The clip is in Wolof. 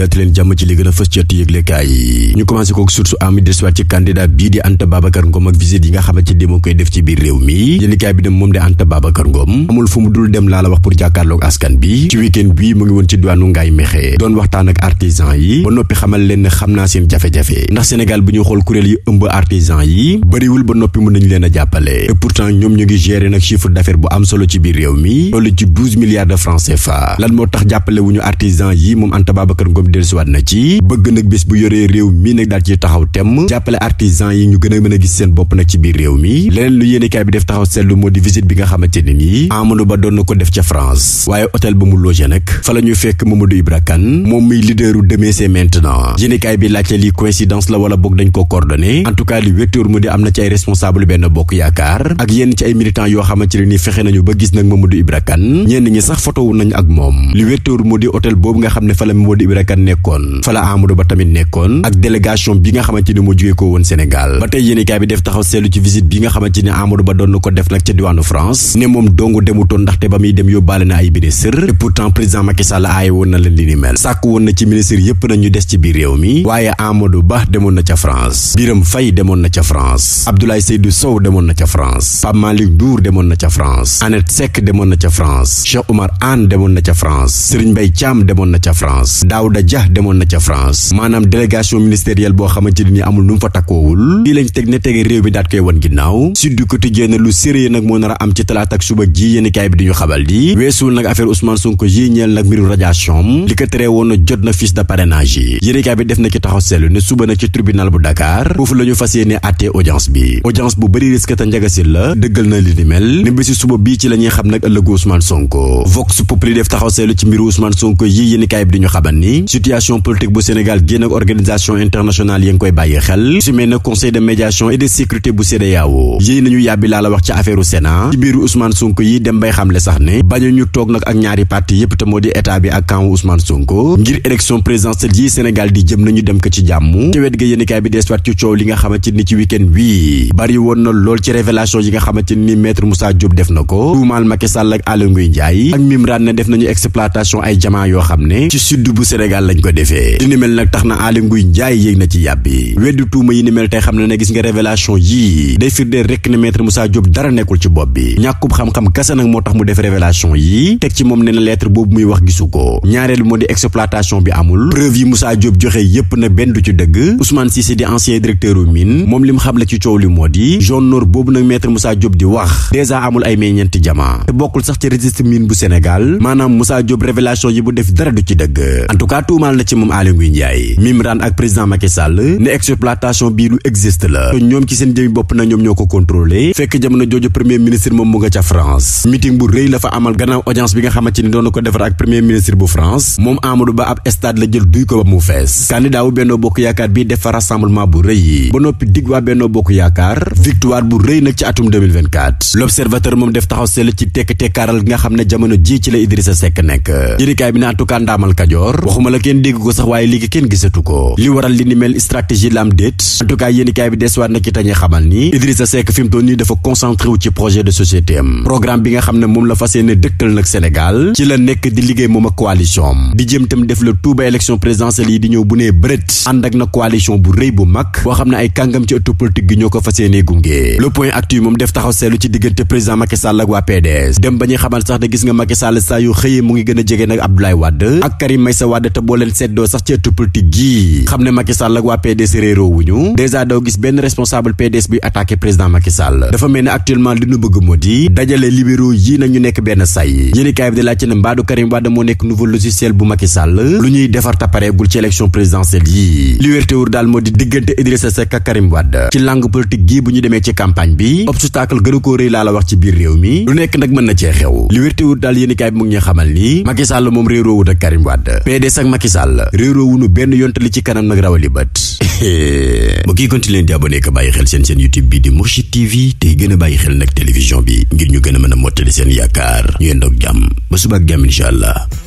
dalati leen jàmm ci li gën a fës ci yëglekaay yi ñu commencé kook source ami dellusiwaat ci candidat bii di Anta Babacar Ngom ak visite yi nga xamante ni moo koy def ci biir réew mi mu ngi woon ci diwaanu Ngaay Mexe doon waxtaan ak artisan yi ba noppi xamal leen xam naa seen jafe-jafe ndax Sénégal bu ñu xool kuréel yi ëmb artisan yi bëriwul ba noppi mën nañu leen a jàppale et pourtant ñoom ñu ngi gérer nag chiffre d'affaires bu am solo ci biir réew Diop dellusiwaat na ci bëgg nag bés bu yoree réew mi nag daal ci taxaw temm jàppale artisan yi ñu gën mën a gis seen bopp nag ci biir réew mi leneen lu yéenekaay bi def taxaw seetlu moo di visite bi nga xamante ne nii Amadou Ba doon na ko def ca France waaye hôtel ba mu logé nag fa ñu fekk Mamadou Ibra Kane moom muy leaderu Demain c'est maintenant yéenekaay bi laajte lii coïncidence la wala boog dañ ko coordonné en tout mu di am na ci ay responsable nekkoon fa la Amadou Ba tamit nekkoon ak délégation bi nga xamante ni moo jógee ko woon Sénégal ba tey yéenekaay bi def taxaw seetlu ci visite bi nga xamante ni Amadou Ba doon na ko def nag ca diwaanu France ne moom dongu demutoon ndaxte ba muy dem yóbbaale na ay ministre te pourtant président Macky Sall aaye woon na leen li ni mel sàkk woon na ci ministre yépp na ñu des ci biir réew mi waaye Amadou Ba demoon na ca France Birame Faye demoon na ca France Abdoulaye Seydou Dia demoon na ca France maanaam délégation ministérielle boo xamante ni amul nu mu fa takkoowul lii lañ teg ne tege réew mi daat koy wan ginnaaw Sud du Quotidien lu sérieux nag moo nar am ci talaata ak suba ji yéenekaay bi di ñu xabal di weesuwul nag affaire Ousmane Sonko yi ñeel nag mbiru radiation am li ko teree woon na jot na fiche de yi yéenekaay bi def na ci taxaw seetlu ne suba nag ci tribunal bu Dakar foofu la ñu fas yéene audience bi audience bu bëri risque te njagasil la na li ni mel ne bési suba bii ci la ñuy xam nag situation politique bu Sénégal génn ak organisation internationale yi ngi koy bàyyi xel su conseil de médiation et de sécurité bu CEDEAO yéy nañu yàbbi laa la wax ci affaire u Sénat ci biiru Ousmane yi dem bay xamle sax ne bañu ñu toog nag ak ñaari parti yépp te moo di état bi ak camp Ousmane Sonko ngir élection présidentielle yi Sénégal di jëm nañu dem ko ci jàmm ci ga yéenekaay bi deeswaat ci coow li nga xamante ci week ci révélation yi nga xamante Sénégal lañ ko defee li ni mel nag tax na Aly Ngouille Ndiaye yéeg na ci yàbbi weddi tuuma yi ni mel tey xam ne ne gis nga révélation yii day firndeel rekk ne maître Moussa Diop dara nekkul ci bopp bi ñàkkub xam-xam kese nag moo tax mu def révélation yi teg ci moom ne na lettre boobu muy wax gisu ko ñaareel moo di exploitation bi amul preuve yi Moussa job joxe yépp na benn du ci dëgg Ousmane Cissé di ancien directeur u mine moom lim xam la ci coow li moo di jaune noir boobu nag maître Moussa Diop di wax dèjà amul ay meññeenti jama te bokkul sax ci registre bu Sénégal maanaam Moussa Diop révélation yi bu def dara du ci dëgg en tuumaal na ci moom Aly Ngouille Ndiaye Mimran ak président Macky Sall ne exploitation bii lu existe la te ñoom ci seen jëmi bopp na ñoom ñoo ko contrôlé fekk jamono jooju premier ministre moom mu nga ca France meeting bu rëy la fa amal gannaaw audience bi nga xamante ni doon na ko defar ak premier ministre bu France moom Amadou Ba ab stade la jël duy ko ba mu fees candidat wu Benno Bokk Yaakaar bii def fa rassemblement bu rëy yi ba noppi dig waa Benno kenn dégg ko sax waaye léegi kenn gisatu ko li waral li ni mel stratégie la am déet en tout cas yéeni kaay bi dees waat na ci tañuy xamal ni Idrissa Seck fi mu toll nii dafa concentré wu ci projet de société am programme bi nga xam ne moom la fas yéene dëkkal nag Sénégal ci la nekk di liggéey moom ak coalition di jëm tam def la tuuba élection présidentielle yi di ñëw bu nee bërët ànd ak na coalition bu rëy bu mag boo xam ne ay kàngam ci ëttu politique a jege nag Abdoulaye Wade ak Karim Meïssa boo leen seddoo sax ci ëttu politique gii xam ne Macky Sall ak waa PDS réeroo wuñu dèjà doo gis benn responsable PDS bi attaqué président Macky Sall dafa mel ne actuellement li moo di dajale libéraux yi nañu nekk benn say yéeni kaay bi di laajte ne moo nekk nouveau logiciel bu Macky Sall lu ñuy defar tapareegul ci élection présidentielle yi li wérte wur daal bi obstacle gën a koo rëy laa la wax ci biir réew mi lu nekk nag mën na cee xew li wérte wur daal yéeni kaay bi mu ngi xamal ni Macky Sall moom réeroo wut ak Karim Wade PDS Macky Sall réeroo nu benn yonte li ci kanam nag rawali bët mbokk yi continuer di abonné bàyyi xel seen seen YouTube bi di Mourchid TV i gën a bàyyi xel nag télévision bi ngir ñu gën a mën a mottali seen yaakaar ñu yendoog jàmm ba subaak jàmm incha allah